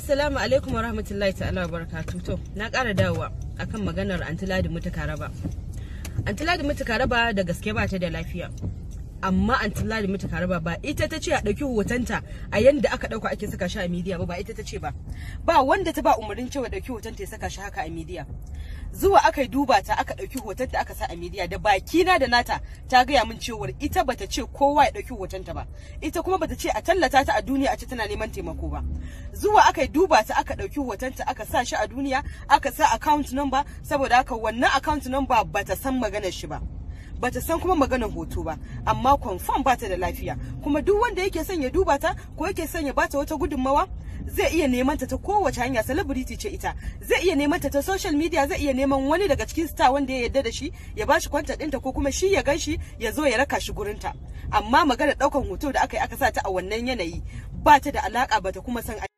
Assalamu alaikum warahmatullahi ta'ala barakatu To, na ƙara dawowa akan maganar Antiladi Mutukaraba. Antiladi Mutukaraba da gaske ba ta da lafiya. amma antin ladi mata karaba ba ita ta ce a ɗauki hotonta a yanda aka ɗauka ake saka shi a midiya ba ba ita ta ce ba ba wanda ta ba umarnin cewa ɗauki hotonta ya saka shi haka a midiya zuwa aka duba ta aka ɗauki hotonta aka sa a midiya da bakina da nata ta gaya min cewa ita bata ce kowa ya ɗauki hotonta ba ita kuma bata ce a tallata ta a duniya a ce tana neman taimako ba zuwa aka duba ta aka ɗauki hotonta aka sa shi a duniya aka sa account number saboda haka wannan account number bata san maganar shi ba. bata san kuma maganar hoto ba amma confirm bata da lafiya kuma duk wanda yake son ya duba ta ko yake son ya bata wata gudunmawa zai iya neman ta ta kowace hanya celebrity ce ita zai iya neman ta ta social media zai iya neman wani daga cikin star wanda ya yarda da shi ya bashi kwanta ɗinta ko kuma shi ya ganshi ya zo ya raka shi gurinta amma maganar ɗaukan hoto da aka yi aka sa ta a wannan yanayi bata da alaka bata kuma san